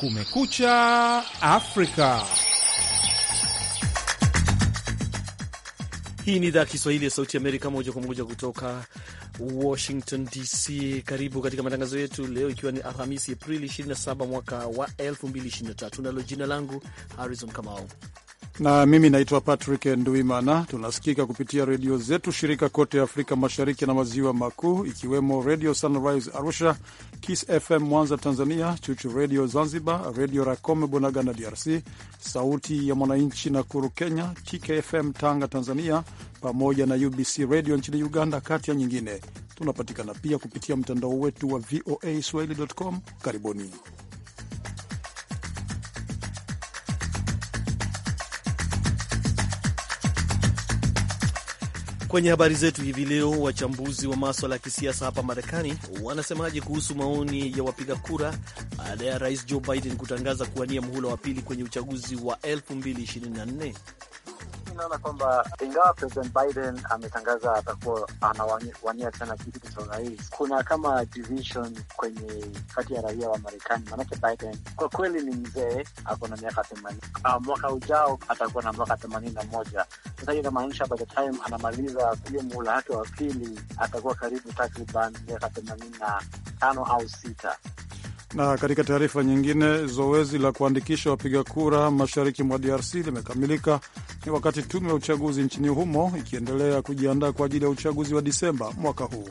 Kumekucha Afrika. Hii ni idhaa ya Kiswahili ya Sauti Amerika, moja kwa moja kutoka Washington DC. Karibu katika matangazo yetu leo, ikiwa ni Alhamisi Aprili 27 mwaka wa 2023, nalo jina langu Harrison Kamau na mimi naitwa Patrick Nduimana. Tunasikika kupitia redio zetu shirika kote Afrika Mashariki na Maziwa Makuu, ikiwemo Redio Sunrise Arusha, Kiss FM Mwanza Tanzania, Chuchu Redio Zanzibar, Redio Racome Bunagana DRC, Sauti ya Mwananchi Nakuru Kenya, TKFM Tanga Tanzania, pamoja na UBC Redio nchini Uganda, kati ya nyingine. Tunapatikana pia kupitia mtandao wetu wa VOA swahili.com. Karibuni. Kwenye habari zetu hivi leo, wachambuzi wa maswala ya kisiasa hapa Marekani wanasemaje kuhusu maoni ya wapiga kura baada ya rais Joe Biden kutangaza kuwania muhula wa pili kwenye uchaguzi wa 2024? naona kwamba ingawa President Biden ametangaza atakuwa anawania tena kiti cha urais, kuna kama division kwenye kati ya raia wa Marekani. Maanake Biden kwa kweli ni mzee, ako na miaka themanini. Uh, Mwaka ujao atakuwa na mwaka themanini na moja. Sasa hiyo inamaanisha by the time anamaliza hiyo muhula wake wa pili atakuwa karibu takriban miaka themanini na tano au sita. Na katika taarifa nyingine, zoezi la kuandikisha wapiga kura mashariki mwa DRC limekamilika, ni wakati tume ya uchaguzi nchini humo ikiendelea kujiandaa kwa ajili ya uchaguzi wa Disemba mwaka huu.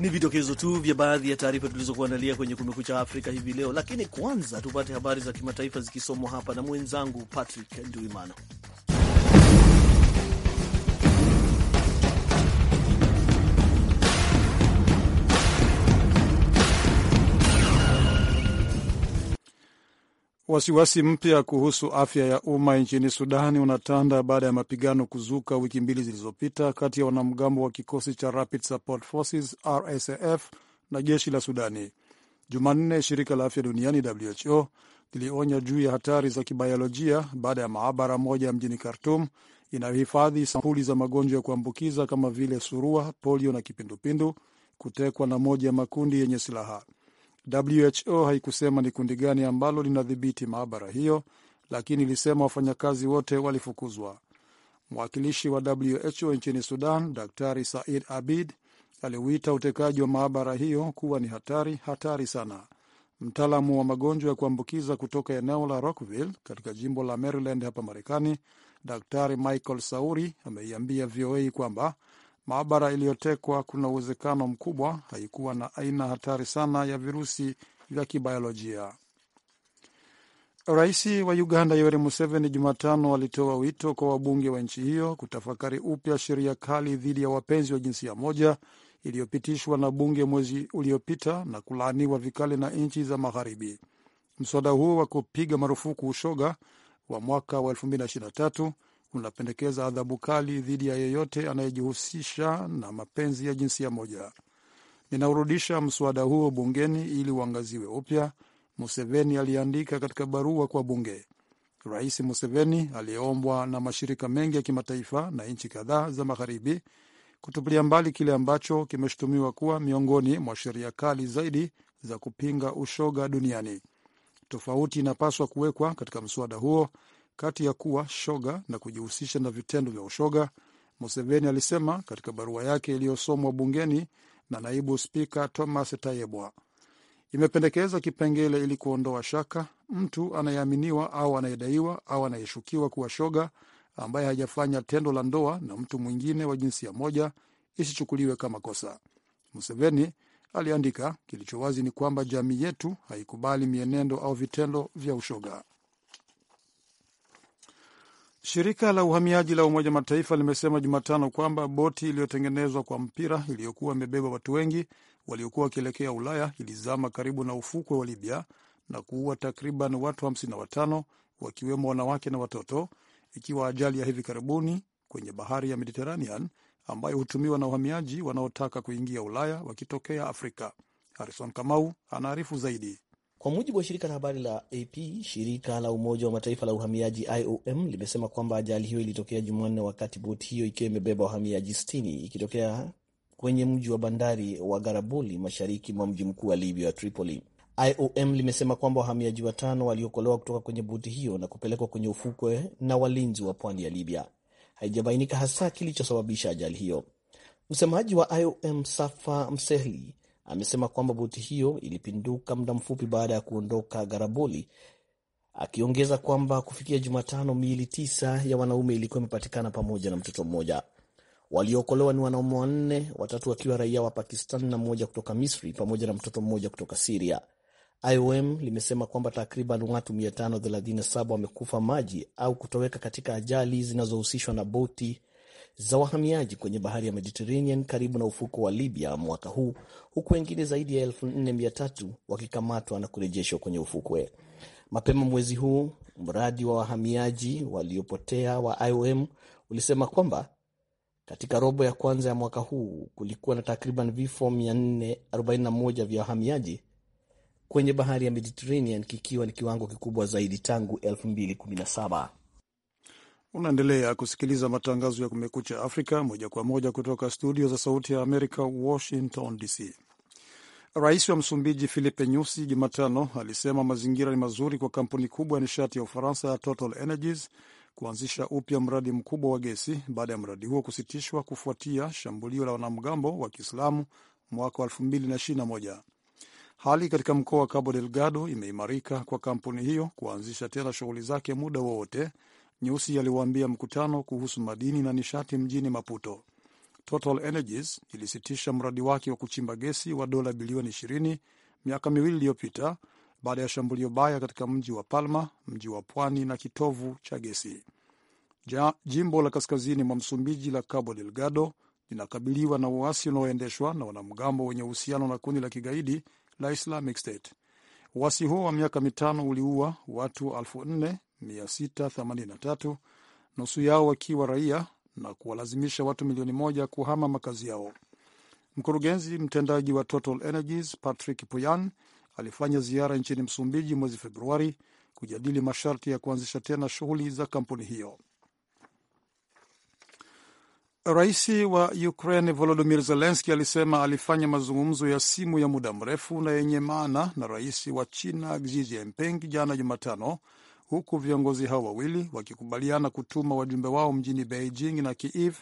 Ni vidokezo tu vya baadhi ya taarifa tulizokuandalia kwenye Kumekucha Afrika hivi leo, lakini kwanza tupate habari za kimataifa zikisomwa hapa na mwenzangu Patrick Nduimana. Wasiwasi mpya kuhusu afya ya umma nchini Sudani unatanda baada ya mapigano kuzuka wiki mbili zilizopita kati ya wanamgambo wa kikosi cha Rapid Support Forces RSF na jeshi la Sudani. Jumanne, shirika la afya duniani WHO lilionya juu ya hatari za kibayolojia baada ya maabara moja mjini Khartum inayohifadhi sampuli za magonjwa ya kuambukiza kama vile surua, polio na kipindupindu kutekwa na moja ya makundi yenye silaha. WHO haikusema ni kundi gani ambalo linadhibiti maabara hiyo, lakini ilisema wafanyakazi wote walifukuzwa. Mwakilishi wa WHO nchini Sudan, Daktari Said Abid, aliuita utekaji wa maabara hiyo kuwa ni hatari hatari sana. Mtaalamu wa magonjwa ya kuambukiza kutoka eneo la Rockville katika jimbo la Maryland hapa Marekani, Daktari Michael Sauri ameiambia VOA kwamba Maabara iliyotekwa kuna uwezekano mkubwa haikuwa na aina hatari sana ya virusi vya kibiolojia. Rais wa Uganda Yoweri Museveni Jumatano alitoa wito kwa wabunge wa nchi hiyo kutafakari upya sheria kali dhidi ya wapenzi wa jinsia moja iliyopitishwa na bunge mwezi uliopita na kulaaniwa vikali na nchi za Magharibi. Mswada huo wa kupiga marufuku ushoga wa mwaka wa unapendekeza adhabu kali dhidi ya yeyote anayejihusisha na mapenzi ya jinsia moja. Ninaurudisha mswada huo bungeni ili uangaziwe upya, Museveni aliandika katika barua kwa bunge. Rais Museveni aliyeombwa na mashirika mengi ya kimataifa na nchi kadhaa za magharibi kutupilia mbali kile ambacho kimeshutumiwa kuwa miongoni mwa sheria kali zaidi za kupinga ushoga duniani. Tofauti inapaswa kuwekwa katika mswada huo kati ya kuwa shoga na kujihusisha na vitendo vya ushoga, Museveni alisema katika barua yake iliyosomwa bungeni na naibu spika Thomas Tayebwa. Imependekeza kipengele ili kuondoa shaka, mtu anayeaminiwa au anayedaiwa au anayeshukiwa kuwa shoga ambaye hajafanya tendo la ndoa na mtu mwingine wa jinsia moja isichukuliwe kama kosa. Museveni aliandika, kilicho wazi ni kwamba jamii yetu haikubali mienendo au vitendo vya ushoga. Shirika la uhamiaji la Umoja Mataifa limesema Jumatano kwamba boti iliyotengenezwa kwa mpira iliyokuwa imebeba watu wengi waliokuwa wakielekea Ulaya ilizama karibu na ufukwe wa Libya na kuua takriban watu 55 wakiwemo wanawake na watoto, ikiwa ajali ya hivi karibuni kwenye bahari ya Mediterranean ambayo hutumiwa na uhamiaji wanaotaka kuingia Ulaya wakitokea Afrika. Harison Kamau anaarifu zaidi. Kwa mujibu wa shirika la habari la AP, shirika la Umoja wa Mataifa la uhamiaji IOM limesema kwamba ajali hiyo ilitokea Jumanne wakati boti hiyo ikiwa imebeba wahamiaji 60 ikitokea kwenye mji wa bandari wa Garabuli, mashariki mwa mji mkuu wa Libya wa Tripoli. IOM limesema kwamba wahamiaji watano waliokolewa kutoka kwenye boti hiyo na kupelekwa kwenye ufukwe na walinzi wa pwani ya Libya. Haijabainika hasa kilichosababisha ajali hiyo. Msemaji wa IOM Safa Msehli amesema kwamba boti hiyo ilipinduka muda mfupi baada ya kuondoka Garaboli, akiongeza kwamba kufikia Jumatano miili tisa ya wanaume ilikuwa imepatikana pamoja na mtoto mmoja. Waliookolewa ni wanaume wanne, watatu wakiwa raia wa Pakistan na mmoja kutoka Misri pamoja na mtoto mmoja kutoka Siria. IOM limesema kwamba takriban watu 537 wamekufa maji au kutoweka katika ajali zinazohusishwa na boti za wahamiaji kwenye bahari ya Mediterranean karibu na ufuko wa Libya mwaka huu, huku wengine zaidi ya 4300 wakikamatwa na kurejeshwa kwenye ufukwe. Mapema mwezi huu, mradi wa wahamiaji waliopotea wa IOM ulisema kwamba katika robo ya kwanza ya mwaka huu kulikuwa na takriban vifo 441 vya wahamiaji kwenye bahari ya Mediterranean, kikiwa ni kiwango kikubwa zaidi tangu 2017. Unaendelea kusikiliza matangazo ya Kumekucha Afrika moja kwa moja kutoka studio za Sauti ya Amerika, Washington DC. Rais wa Msumbiji Filipe Nyusi Jumatano alisema mazingira ni mazuri kwa kampuni kubwa ya nishati ya Ufaransa ya Total Energies kuanzisha upya mradi mkubwa wa gesi baada ya mradi huo kusitishwa kufuatia shambulio la wanamgambo wa Kiislamu mwaka wa 2021. Hali katika mkoa wa Cabo Delgado imeimarika kwa kampuni hiyo kuanzisha tena shughuli zake muda wowote Nyusi aliwaambia mkutano kuhusu madini na nishati mjini Maputo. Total Energies ilisitisha mradi wake wa kuchimba gesi wa dola bilioni 20 miaka miwili iliyopita baada ya shambulio baya katika mji wa Palma, mji wa pwani na kitovu cha gesi. Ja, jimbo la kaskazini mwa Msumbiji la Cabo Delgado linakabiliwa na uasi unaoendeshwa na wanamgambo wenye uhusiano na kundi la kigaidi la Islamic State. Uasi huo wa miaka mitano uliua watu elfu nne 683, nusu yao wakiwa raia na kuwalazimisha watu milioni moja kuhama makazi yao. Mkurugenzi mtendaji wa Total Energies Patrick Puyan alifanya ziara nchini Msumbiji mwezi Februari kujadili masharti ya kuanzisha tena shughuli za kampuni hiyo. Rais wa Ukraine Volodymyr Zelenski alisema alifanya mazungumzo ya simu ya muda mrefu na yenye maana na rais wa China Xi Jinping jana Jumatano huku viongozi hao wawili wakikubaliana kutuma wajumbe wao mjini Beijing na Kiev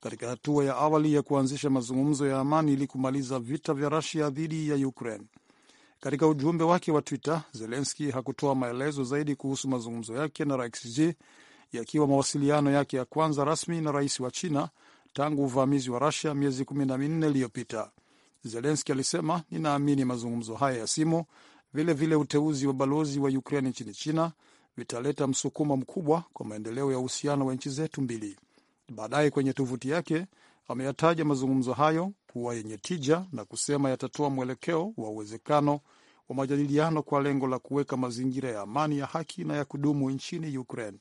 katika hatua ya awali ya kuanzisha mazungumzo ya amani ili kumaliza vita vya Rusia dhidi ya Ukraine. Katika ujumbe wake wa Twitter, Zelenski hakutoa maelezo zaidi kuhusu mazungumzo yake na Rais Xi, yakiwa mawasiliano yake ya kwanza rasmi na rais wa China tangu uvamizi wa Rusia miezi kumi na minne iliyopita. Zelenski alisema, ninaamini mazungumzo haya ya simu, vilevile vile uteuzi wa balozi wa Ukraine nchini China vitaleta msukumo mkubwa kwa maendeleo ya uhusiano wa nchi zetu mbili. Baadaye kwenye tovuti yake ameyataja mazungumzo hayo kuwa yenye tija na kusema yatatoa mwelekeo wa uwezekano wa majadiliano kwa lengo la kuweka mazingira ya amani ya haki na ya kudumu nchini Ukraine.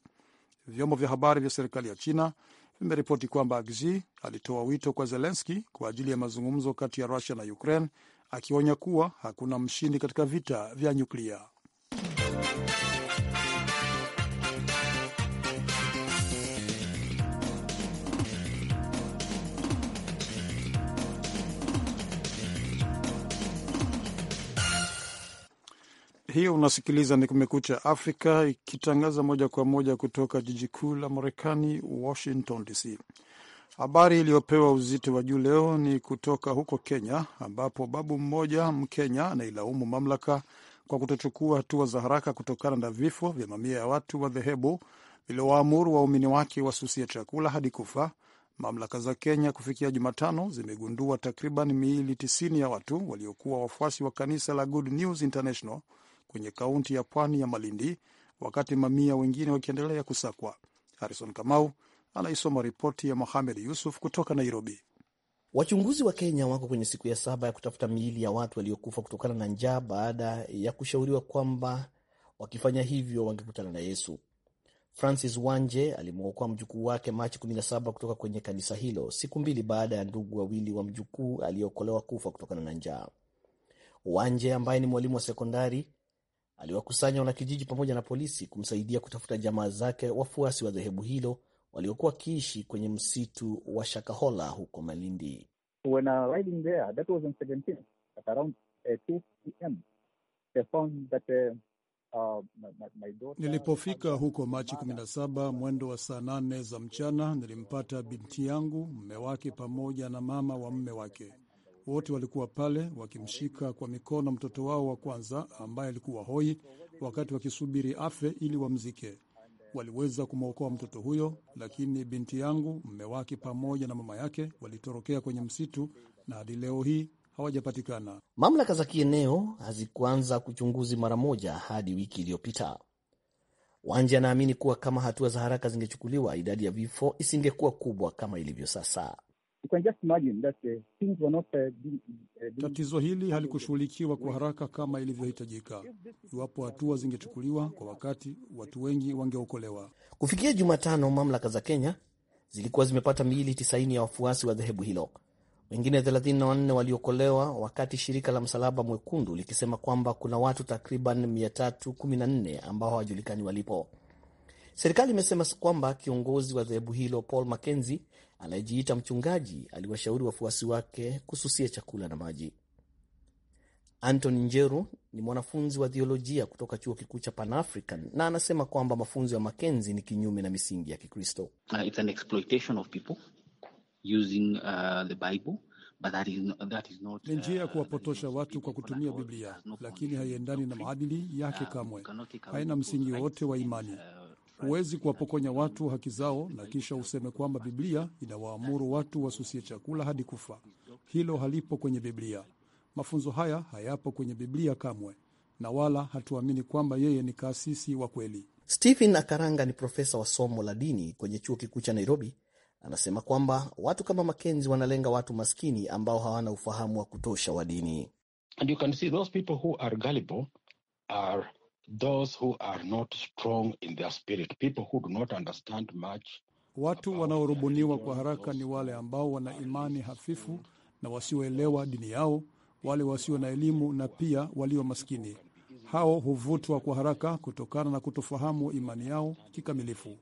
Vyombo vya habari vya serikali ya China vimeripoti kwamba Xi alitoa wito kwa Zelenski kwa ajili ya mazungumzo kati ya Rusia na Ukraine, akionya kuwa hakuna mshindi katika vita vya nyuklia. hiyo unasikiliza ni Kumekucha Afrika ikitangaza moja kwa moja kutoka jiji kuu la Marekani, Washington DC. Habari iliyopewa uzito wa juu leo ni kutoka huko Kenya, ambapo babu mmoja Mkenya anailaumu mamlaka kwa kutochukua hatua za haraka kutokana na vifo vya mamia ya watu wa dhehebu viliowaamuru waumini wake wasusie chakula hadi kufa. Mamlaka za Kenya kufikia Jumatano zimegundua takriban miili 90 ya watu waliokuwa wafuasi wa kanisa la Good News International kwenye kaunti ya pwani ya Malindi, wakati mamia wengine wakiendelea kusakwa. Harison Kamau anaisoma ripoti ya Mohamed Yusuf kutoka Nairobi. Wachunguzi wa Kenya wako kwenye siku ya saba ya kutafuta miili ya watu waliokufa kutokana na njaa baada ya kushauriwa kwamba wakifanya hivyo wangekutana na Yesu. Francis Wanje alimwokoa mjukuu wake Machi 17 kutoka kwenye kanisa hilo siku mbili baada ya ndugu wawili wa, wa mjukuu aliyeokolewa kufa kutokana na njaa. Wanje ambaye ni mwalimu wa sekondari aliwakusanya wanakijiji pamoja na polisi kumsaidia kutafuta jamaa zake wafuasi wa dhehebu hilo waliokuwa wakiishi kwenye msitu wa Shakahola huko Malindi. Nilipofika huko Machi 17 mwendo wa saa nane za mchana, nilimpata binti yangu, mme wake pamoja na mama wa mme wake. Wote walikuwa pale wakimshika kwa mikono mtoto wao wa kwanza ambaye alikuwa hoi, wakati wakisubiri afe ili wamzike. Waliweza kumwokoa mtoto huyo, lakini binti yangu, mme wake pamoja na mama yake walitorokea kwenye msitu na hadi leo hii hawajapatikana. Mamlaka za kieneo hazikuanza kuchunguzi mara moja hadi wiki iliyopita. Wanja anaamini kuwa kama hatua za haraka zingechukuliwa, idadi ya vifo isingekuwa kubwa kama ilivyo sasa. You can just imagine that uh, things were not, uh, being, uh, being... Tatizo hili halikushughulikiwa kwa haraka kama ilivyohitajika. Iwapo hatua zingechukuliwa kwa wakati, watu wengi wangeokolewa. Kufikia Jumatano, mamlaka za Kenya zilikuwa zimepata miili 90 ya wafuasi wa dhehebu hilo. Wengine 34 waliokolewa, wakati shirika la Msalaba Mwekundu likisema kwamba kuna watu takriban 314 ambao hawajulikani walipo. Serikali imesema kwamba kiongozi wa dhehebu hilo Paul Mackenzie anayejiita mchungaji aliwashauri wafuasi wake kususia chakula na maji. Anton Njeru ni mwanafunzi wa thiolojia kutoka chuo kikuu cha Pan African na anasema kwamba mafunzo ya Makenzi ni kinyume na misingi ya Kikristo. Uh, uh ni njia ya uh, kuwapotosha watu kwa kutumia Biblia, lakini haiendani na maadili yake kamwe, haina msingi wote wa imani. Uh, Huwezi kuwapokonya watu haki zao na kisha useme kwamba Biblia inawaamuru watu wasusie chakula hadi kufa. Hilo halipo kwenye Biblia. Mafunzo haya hayapo kwenye Biblia kamwe, na wala hatuamini kwamba yeye ni kaasisi wa kweli. Stephen Akaranga ni profesa wa somo la dini kwenye chuo kikuu cha Nairobi. Anasema kwamba watu kama Makenzi wanalenga watu maskini ambao hawana ufahamu wa kutosha wa dini. And you can see those people who are gullible are Those who are not strong in their spirit, people who do not understand much. Watu wanaorubuniwa kwa haraka ni wale ambao wana imani hafifu na wasioelewa dini yao, wale wasio na elimu na pia walio maskini. Hao huvutwa kwa haraka kutokana na kutofahamu imani yao kikamilifu.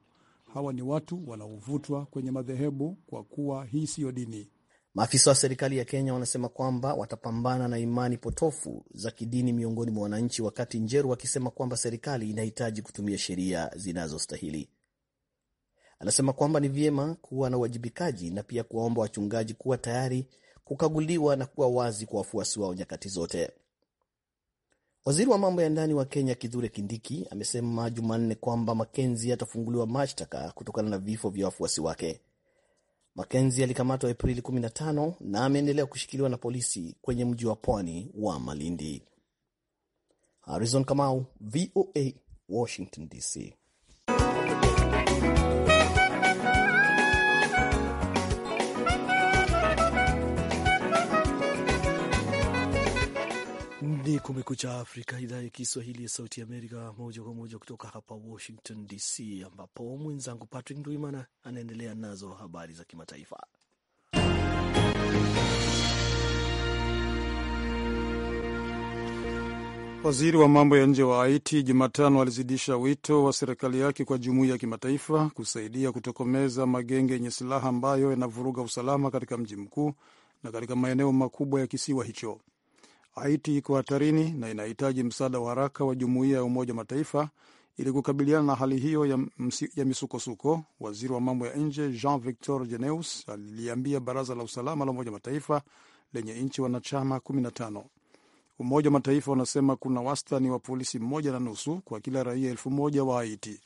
Hawa ni watu wanaovutwa kwenye madhehebu kwa kuwa hii siyo dini. Maafisa wa serikali ya Kenya wanasema kwamba watapambana na imani potofu za kidini miongoni mwa wananchi, wakati Njeru akisema kwamba serikali inahitaji kutumia sheria zinazostahili. Anasema kwamba ni vyema kuwa na uwajibikaji na pia kuwaomba wachungaji kuwa tayari kukaguliwa na kuwa wazi kwa wafuasi wao nyakati zote. Waziri wa mambo ya ndani wa Kenya Kithure Kindiki amesema Jumanne kwamba Makenzi atafunguliwa mashtaka kutokana na vifo vya wafuasi wake. Makenzi alikamatwa Aprili 15 na ameendelea kushikiliwa na polisi kwenye mji wa pwani wa Malindi. Harrison Kamau, VOA, Washington DC. Ni Kumekucha Afrika, idhaa ya Kiswahili ya Sauti Amerika, moja kwa moja kutoka hapa Washington DC, ambapo mwenzangu Patrick Ndwimana anaendelea nazo habari za kimataifa. Waziri wa mambo ya nje wa Haiti Jumatano alizidisha wito wa serikali yake kwa jumuiya ya kimataifa kusaidia kutokomeza magenge yenye silaha ambayo yanavuruga usalama katika mji mkuu na katika maeneo makubwa ya kisiwa hicho. Haiti iko hatarini na inahitaji msaada wa haraka wa jumuiya ya Umoja wa Mataifa ili kukabiliana na hali hiyo ya, ya misukosuko. Waziri wa mambo ya nje Jean Victor Geneus aliliambia baraza la usalama la Umoja wa Mataifa lenye nchi wanachama 15. Umoja wa Mataifa unasema kuna wastani wa polisi mmoja na nusu kwa kila raia elfu moja wa Haiti.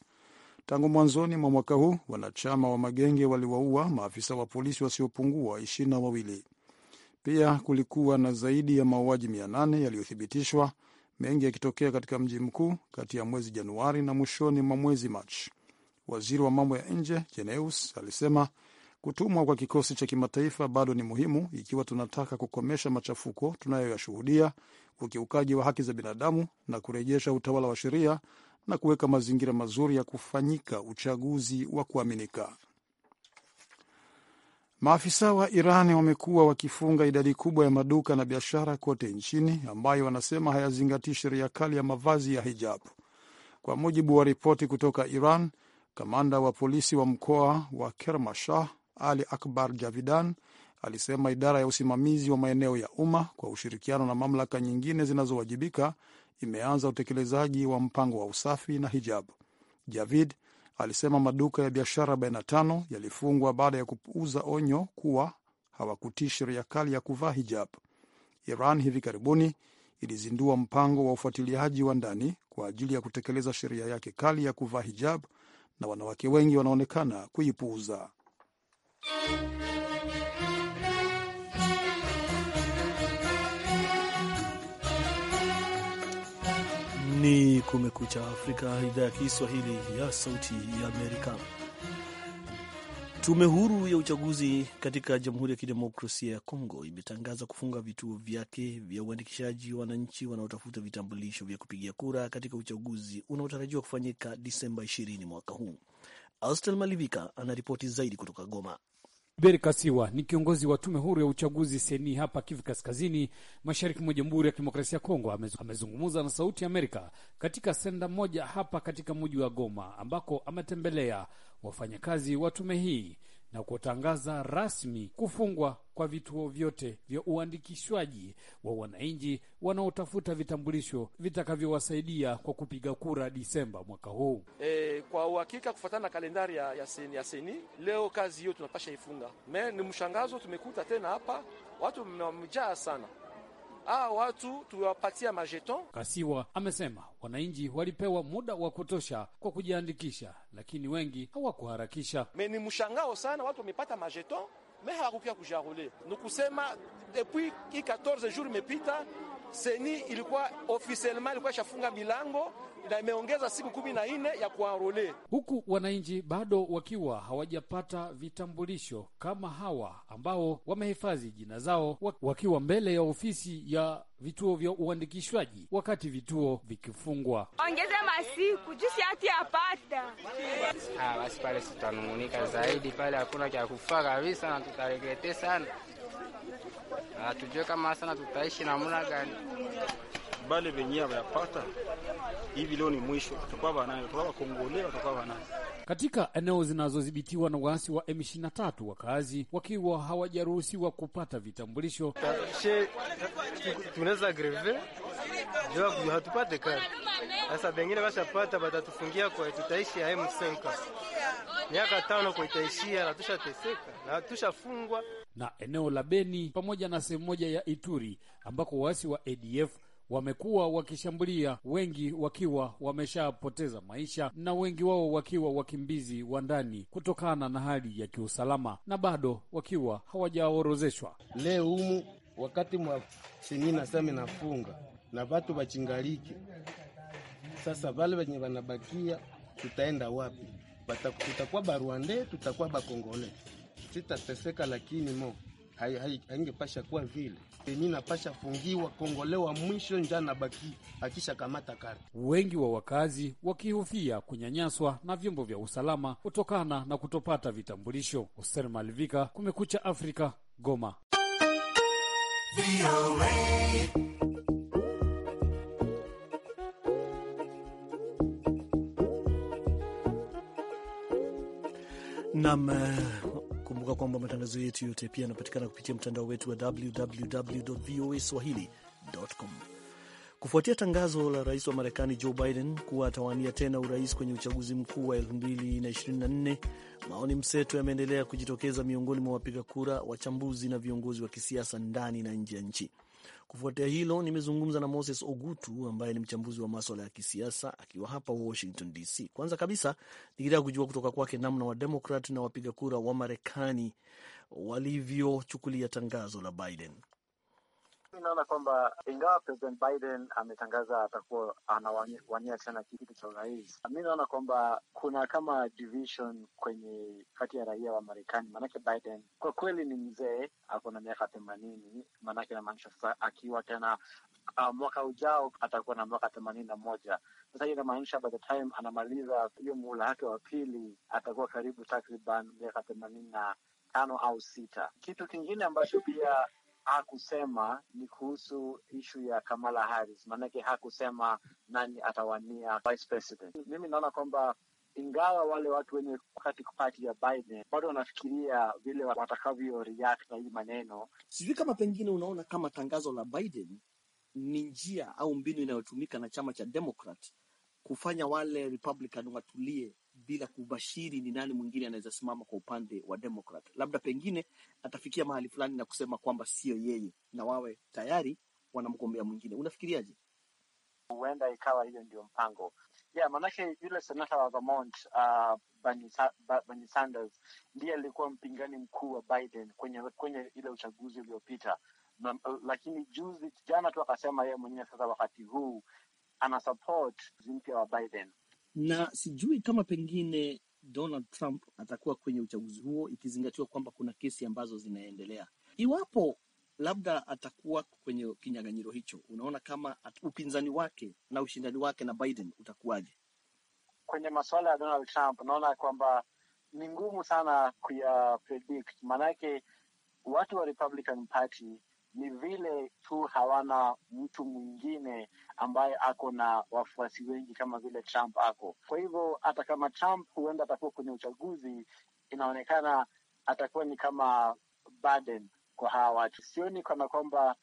Tangu mwanzoni mwa mwaka huu wanachama wa magenge waliwaua maafisa wa polisi wasiopungua ishirini na wawili. Pia kulikuwa na zaidi ya mauaji 800 yaliyothibitishwa, mengi yakitokea katika mji mkuu kati ya mwezi Januari na mwishoni mwa mwezi Machi. Waziri wa mambo ya nje Jeneus alisema kutumwa kwa kikosi cha kimataifa bado ni muhimu ikiwa tunataka kukomesha machafuko tunayoyashuhudia, ukiukaji wa haki za binadamu na kurejesha utawala wa sheria na kuweka mazingira mazuri ya kufanyika uchaguzi wa kuaminika. Maafisa wa Iran wamekuwa wakifunga idadi kubwa ya maduka na biashara kote nchini ambayo wanasema hayazingatii sheria kali ya mavazi ya hijabu. Kwa mujibu wa ripoti kutoka Iran, kamanda wa polisi wa mkoa wa Kermanshah Ali Akbar Javidan alisema idara ya usimamizi wa maeneo ya umma kwa ushirikiano na mamlaka nyingine zinazowajibika imeanza utekelezaji wa mpango wa usafi na hijabu. Javid alisema maduka ya biashara 45 yalifungwa baada ya kupuuza onyo kuwa hawakutii sheria kali ya kuvaa hijab. Iran hivi karibuni ilizindua mpango wa ufuatiliaji wa ndani kwa ajili ya kutekeleza sheria yake kali ya kuvaa hijab, na wanawake wengi wanaonekana kuipuuza. ni Kumekucha Afrika, idhaa ya Kiswahili ya Sauti ya Amerika. Tume huru ya uchaguzi katika Jamhuri ya Kidemokrasia ya Kongo imetangaza kufunga vituo vyake vya uandikishaji wa wananchi wanaotafuta vitambulisho vya kupigia kura katika uchaguzi unaotarajiwa kufanyika Disemba 20 mwaka huu. Austel Malivika anaripoti zaidi kutoka Goma. Beri Kasiwa ni kiongozi wa tume huru ya uchaguzi seni hapa Kivu Kaskazini, mashariki mwa Jamhuri ya Kidemokrasia ya Kongo. Amezungumza na Sauti ya Amerika katika senda moja hapa katika mji wa Goma, ambako ametembelea wafanyakazi wa tume hii na kutangaza rasmi kufungwa kwa vituo vyote vya uandikishwaji wa wananchi wanaotafuta vitambulisho vitakavyowasaidia kwa kupiga kura Disemba mwaka huu. E, kwa uhakika kufuatana na kalendari ya, ya, seni, ya seni leo kazi hiyo tunapasha ifunga. Me ni mshangazo tumekuta tena hapa watu mnamjaa sana hawa watu tuwapatia majeton. Kasiwa amesema wananchi walipewa muda wa kutosha kwa kujiandikisha, lakini wengi hawakuharakisha. Me ni mshangao sana, watu wamepata majeton me hawakukia kujarule, ni kusema depuis i 14 jours imepita, seni ilikuwa officiellement ilikuwa ishafunga milango na imeongeza siku kumi na nne ya kuarole, huku wananchi bado wakiwa hawajapata vitambulisho kama hawa ambao wamehifadhi jina zao wakiwa mbele ya ofisi ya vituo vya uandikishwaji wakati vituo vikifungwa. Ongeze masiku jusi hati yapata ah, basi, pale sitanungunika zaidi, pale hakuna kya kufaa kabisa, na tutaregete sana, hatujue ah, kama sana tutaishi namna gani bale venye avayapata hivi leo ni mwisho, watakuwa wanayo, watakuwa wakongole, watakuwa wanayo. Katika eneo zinazodhibitiwa na waasi wa M23, wakazi wakiwa hawajaruhusiwa kupata vitambulisho. Tunaweza greve hatupate kazi sasa, bengine washapata watatufungia kwa tutaishi ya M5 miaka tano kwa itaishia, na tushateseka na tushafungwa. Na eneo la Beni pamoja na sehemu moja ya Ituri ambako waasi wa ADF wamekuwa wakishambulia, wengi wakiwa wameshapoteza maisha na wengi wao wakiwa wakimbizi wa ndani kutokana na hali ya kiusalama, na bado wakiwa hawajaorozeshwa. Leo humu wakati mwa semina sami nafunga na vatu vachingaliki sasa, vale venye vanabakia tutaenda wapi? Tutakuwa barwande, tutakuwa bakongole, sitateseka lakini mo haingepasha hai, kuwa vile mimi napasha fungiwa kongolewa mwisho njana baki akisha kamata karti. Wengi wa wakazi wakihofia kunyanyaswa na vyombo vya usalama kutokana na kutopata vitambulisho. Hosen Malivika, Kumekucha Afrika, Goma. Nam eh, Kumbuka kwamba matangazo yetu yote pia yanapatikana kupitia mtandao wetu wa www voa swahili.com. Kufuatia tangazo la rais wa Marekani Joe Biden kuwa atawania tena urais kwenye uchaguzi mkuu wa 2024 maoni mseto yameendelea kujitokeza miongoni mwa wapiga kura, wachambuzi na viongozi wa kisiasa ndani na nje ya nchi. Kufuatia hilo, nimezungumza na Moses Ogutu ambaye ni mchambuzi wa maswala ya kisiasa akiwa hapa Washington DC. Kwanza kabisa nikitaka kujua kutoka kwake namna Wademokrat na wapiga kura wa Marekani walivyochukulia tangazo la Biden naona kwamba ingawa President Biden ametangaza atakuwa anawania tena kiti cha urais, mi naona kwamba kuna kama division kwenye kati ya raia wa Marekani. Maanake Biden kwa kweli ni mzee, ako na miaka themanini, maanake namaanisha sasa akiwa tena Uh, mwaka ujao atakuwa na mwaka themanini na moja. Sasa hiyo inamaanisha by the time anamaliza hiyo muhula wake wa pili atakuwa karibu takriban miaka themanini na tano au sita. Kitu kingine ambacho pia hakusema ni kuhusu ishu ya Kamala Harris, maanake hakusema nani atawania vice president. Mimi naona kwamba ingawa wale watu wenye katika pati ya Biden bado wanafikiria vile watakavyo react na hii maneno. Sijui kama pengine unaona kama tangazo la Biden ni njia au mbinu inayotumika na chama cha Democrat kufanya wale Republican watulie bila kubashiri ni nani mwingine anaweza simama kwa upande wa demokrat Labda pengine atafikia mahali fulani na kusema kwamba sio yeye na wawe tayari wanamgombea mwingine. Unafikiriaje? Huenda ikawa hiyo ndio mpango yeah, maanake yule senata wa Vermont uh, Bernie Sanders ndiye alikuwa mpingani mkuu wa Biden kwenye kwenye ile uchaguzi uliopita, uh, lakini juzi jana tu akasema yeye mwenyewe sasa wakati huu ana support mpya wa Biden na sijui kama pengine Donald Trump atakuwa kwenye uchaguzi huo, ikizingatiwa kwamba kuna kesi ambazo zinaendelea. Iwapo labda atakuwa kwenye kinyang'anyiro hicho, unaona kama upinzani wake na ushindani wake na Biden utakuwaje? Kwenye masuala ya Donald Trump, naona kwamba ni ngumu sana kuya predict, maanake watu wa Republican Party ni vile tu hawana mtu mwingine ambaye ako na wafuasi wengi kama vile Trump ako. Kwa hivyo hata kama Trump huenda atakuwa kwenye uchaguzi, inaonekana atakuwa ni kama Biden kwa hawa watu. Sioni kana kwamba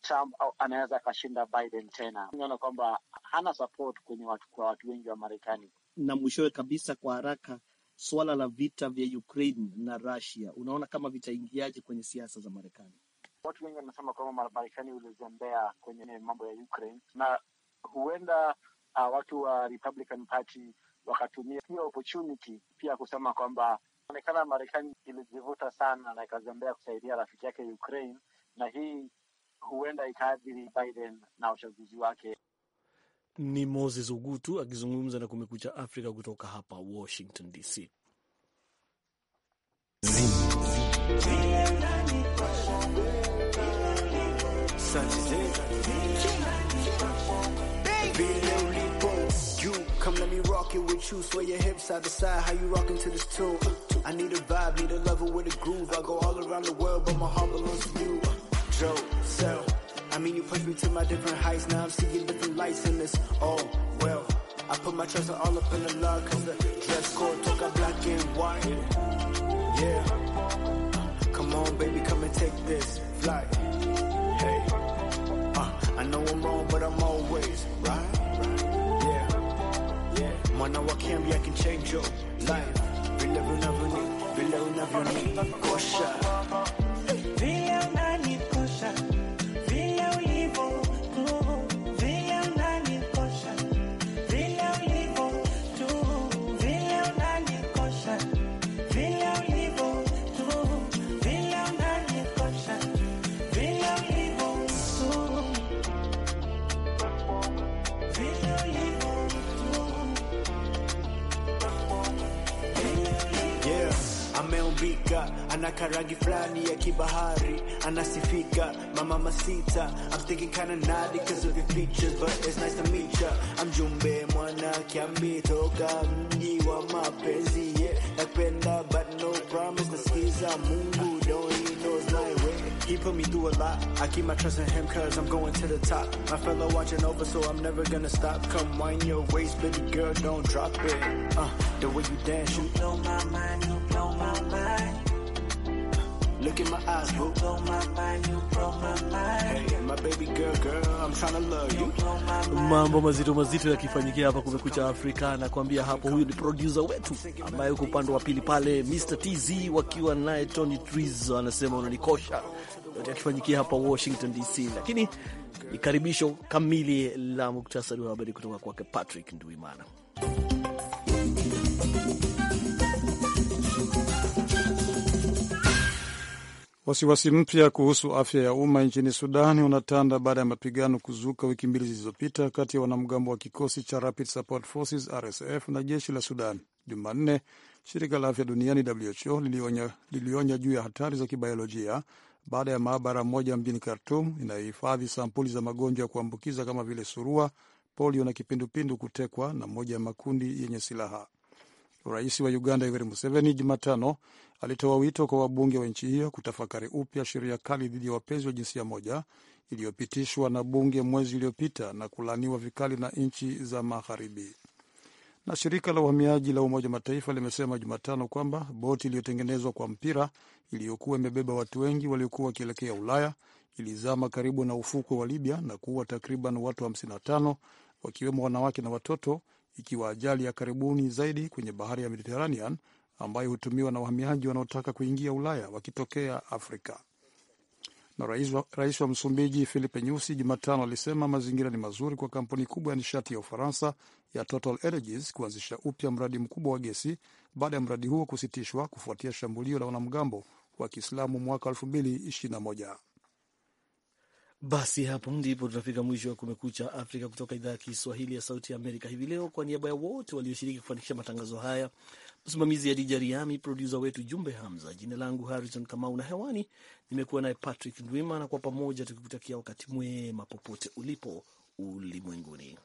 Trump anaweza akashinda Biden tena. Naona kwamba hana support kwenye watu, kwa watu wengi wa Marekani. Na mwishowe kabisa, kwa haraka, suala la vita vya Ukraine na Russia, unaona kama vitaingiaje kwenye siasa za Marekani? Watu wengi wanasema kwamba Marekani ulizembea kwenye mambo ya Ukraine na huenda uh, watu wa Republican Party wakatumia hiyo opportunity pia kusema kwamba onekana Marekani ilijivuta sana na ikazembea kusaidia rafiki yake Ukraine, na hii huenda ikaathiri Biden na uchaguzi wake. Ni Moses Ugutu akizungumza na Kumekucha Afrika kutoka hapa Washington DC. Come let me rock it with you, sway your hips side to side, how you rockin' to this tune? I need a vibe, need a lover with a groove. I go all around the world, but my heart belongs to you. Joe, so, I mean, you push me to my different heights, now I'm seeing different lights in this. Oh, well. I put my trust all up in the law, cause the dress code took a black and white. Yeah. Come on, baby, come and take this flight. I can change your life. Bile unavuni, bile unavyoni, koşa. ana karagi fulani ya kibahari anasifika mama masita I'm thinking kinda naughty cause of your features but it's nice to meet ya amjumbe mwana kiambi toka mji wa mapenzi ye yeah. napenda but no promise nasikiza Mungu don't he knows my way he put me through a lot I keep my trust in him cause I'm going to the top my fellow watching over so I'm never gonna stop come wind your waist baby girl don't drop it uh, the way you dance you blow my mind Look in my eyes, boo. You blow my mind, you blow my mind. Hey, my baby girl, girl, I'm trying to love you. Mambo mazito mazito yakifanyikia hapa kumekucha Afrika na kuambia hapo, huyu ni producer wetu ambaye yuko upande wa pili pale, Mr TZ wakiwa naye Tony Trizo anasema unanikosha. Yote yakifanyikia hapa Washington DC, lakini ni karibisho kamili la muktasari wa habari kutoka kwake Patrick Nduimana. Wasiwasi mpya kuhusu afya ya umma nchini Sudan unatanda baada ya mapigano kuzuka wiki mbili zilizopita kati ya wanamgambo wa kikosi cha Rapid Support Forces RSF na jeshi la Sudan. Jumanne, shirika la afya duniani WHO lilionya, lilionya juu ya hatari za kibiolojia baada ya maabara moja mjini Khartum inayohifadhi sampuli za magonjwa ya kuambukiza kama vile surua, polio na kipindupindu kutekwa na moja ya makundi yenye silaha. Rais wa Uganda Yoweri Museveni Jumatano alitoa wito kwa wabunge wa nchi hiyo kutafakari upya sheria kali dhidi ya wapenzi wa jinsia moja iliyopitishwa na bunge mwezi uliopita na kulaaniwa vikali na nchi za Magharibi. Na shirika la uhamiaji la Umoja Mataifa limesema Jumatano kwamba boti iliyotengenezwa kwa mpira iliyokuwa imebeba watu wengi waliokuwa wakielekea Ulaya ilizama karibu na ufukwe wa Libya na kuua takriban watu 55 wakiwemo wanawake na watoto ikiwa ajali ya karibuni zaidi kwenye bahari ya Mediterranean ambayo hutumiwa na wahamiaji wanaotaka kuingia Ulaya wakitokea Afrika. Na rais wa, rais wa Msumbiji Filipe Nyusi Jumatano alisema mazingira ni mazuri kwa kampuni kubwa ya nishati ya Ufaransa ya Total Energies kuanzisha upya mradi mkubwa wa gesi baada ya mradi huo kusitishwa kufuatia shambulio la wanamgambo wa Kiislamu mwaka 2021. Basi hapo ndipo tunafika mwisho wa Kumekucha Afrika kutoka idhaa ya Kiswahili ya Sauti ya Amerika hivi leo. Kwa niaba ya wote walioshiriki kufanikisha matangazo haya, msimamizi Adija Riami, produsa wetu Jumbe Hamza, jina langu Harrison Kamau na hewani nimekuwa naye Patrick Ndwima, na kwa pamoja tukikutakia wakati mwema popote ulipo ulimwenguni.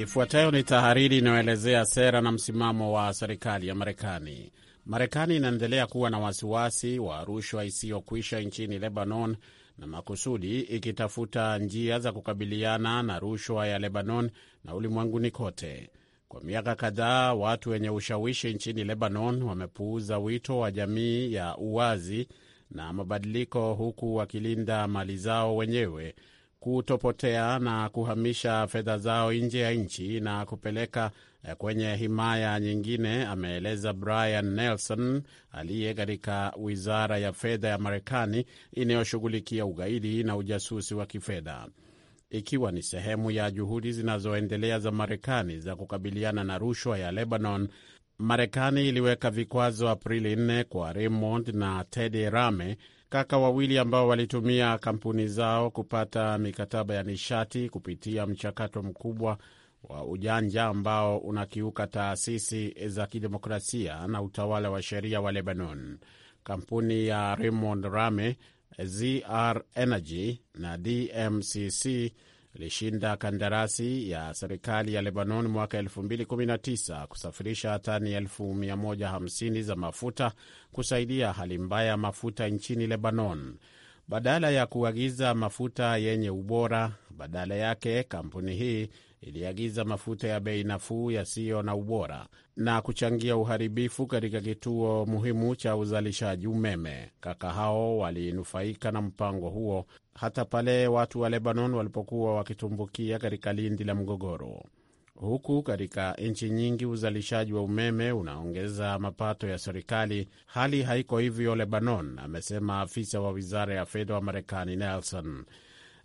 Ifuatayo ni tahariri inayoelezea sera na msimamo wa serikali ya Marekani. Marekani inaendelea kuwa na wasiwasi wa rushwa isiyokwisha nchini Lebanon na makusudi ikitafuta njia za kukabiliana na rushwa ya Lebanon na ulimwenguni kote. Kwa miaka kadhaa, watu wenye ushawishi nchini Lebanon wamepuuza wito wa jamii ya uwazi na mabadiliko, huku wakilinda mali zao wenyewe kutopotea na kuhamisha fedha zao nje ya nchi na kupeleka eh, kwenye himaya nyingine, ameeleza Brian Nelson aliye katika wizara ya fedha ya Marekani inayoshughulikia ugaidi na ujasusi wa kifedha, ikiwa ni sehemu ya juhudi zinazoendelea za Marekani za kukabiliana na rushwa ya Lebanon. Marekani iliweka vikwazo Aprili 4 kwa Raymond na Teddy Rame kaka wawili ambao walitumia kampuni zao kupata mikataba ya nishati kupitia mchakato mkubwa wa ujanja ambao unakiuka taasisi za kidemokrasia na utawala wa sheria wa Lebanon. Kampuni ya Raymond Rame, ZR Energy na DMCC ilishinda kandarasi ya serikali ya Lebanon mwaka 2019 kusafirisha tani 150 za mafuta kusaidia hali mbaya ya mafuta nchini Lebanon. Badala ya kuagiza mafuta yenye ubora, badala yake kampuni hii iliagiza mafuta ya bei nafuu yasiyo na ubora na kuchangia uharibifu katika kituo muhimu cha uzalishaji umeme. Kaka hao walinufaika na mpango huo hata pale watu wa Lebanon walipokuwa wakitumbukia katika lindi la mgogoro. Huku katika nchi nyingi uzalishaji wa umeme unaongeza mapato ya serikali, hali haiko hivyo Lebanon, amesema afisa wa wizara ya fedha wa Marekani Nelson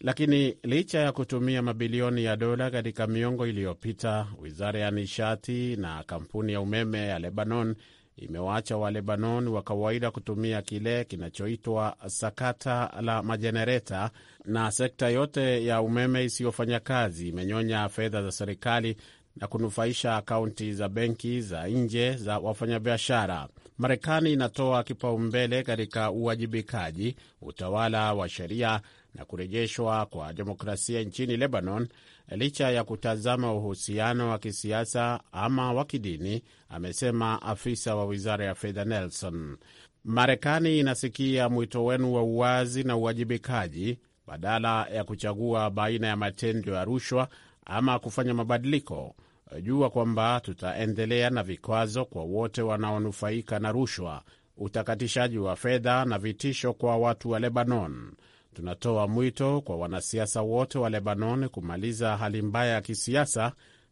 lakini licha ya kutumia mabilioni ya dola katika miongo iliyopita, wizara ya nishati na kampuni ya umeme ya Lebanon imewaacha Walebanon wa kawaida kutumia kile kinachoitwa sakata la majenereta, na sekta yote ya umeme isiyofanya kazi imenyonya fedha za serikali na kunufaisha akaunti za benki za nje za wafanyabiashara. Marekani inatoa kipaumbele katika uwajibikaji, utawala wa sheria na kurejeshwa kwa demokrasia nchini Lebanon, licha ya kutazama uhusiano wa kisiasa ama wa kidini, amesema afisa wa wizara ya fedha Nelson. Marekani inasikia mwito wenu wa uwazi na uwajibikaji badala ya kuchagua baina ya matendo ya rushwa ama kufanya mabadiliko. Jua kwamba tutaendelea na vikwazo kwa wote wanaonufaika na rushwa, utakatishaji wa fedha na vitisho kwa watu wa Lebanon. Tunatoa mwito kwa wanasiasa wote wa Lebanon kumaliza hali mbaya ya kisiasa,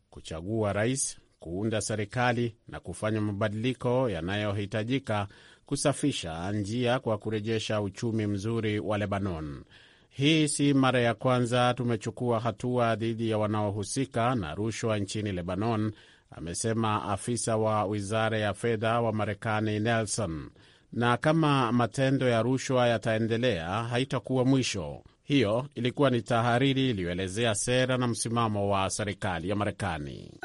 kuchagua rais, kuunda serikali na kufanya mabadiliko yanayohitajika kusafisha njia kwa kurejesha uchumi mzuri wa Lebanon. Hii si mara ya kwanza tumechukua hatua dhidi ya wanaohusika na rushwa nchini Lebanon, amesema afisa wa wizara ya fedha wa Marekani Nelson na kama matendo ya rushwa yataendelea, haitakuwa mwisho. Hiyo ilikuwa ni tahariri iliyoelezea sera na msimamo wa serikali ya Marekani.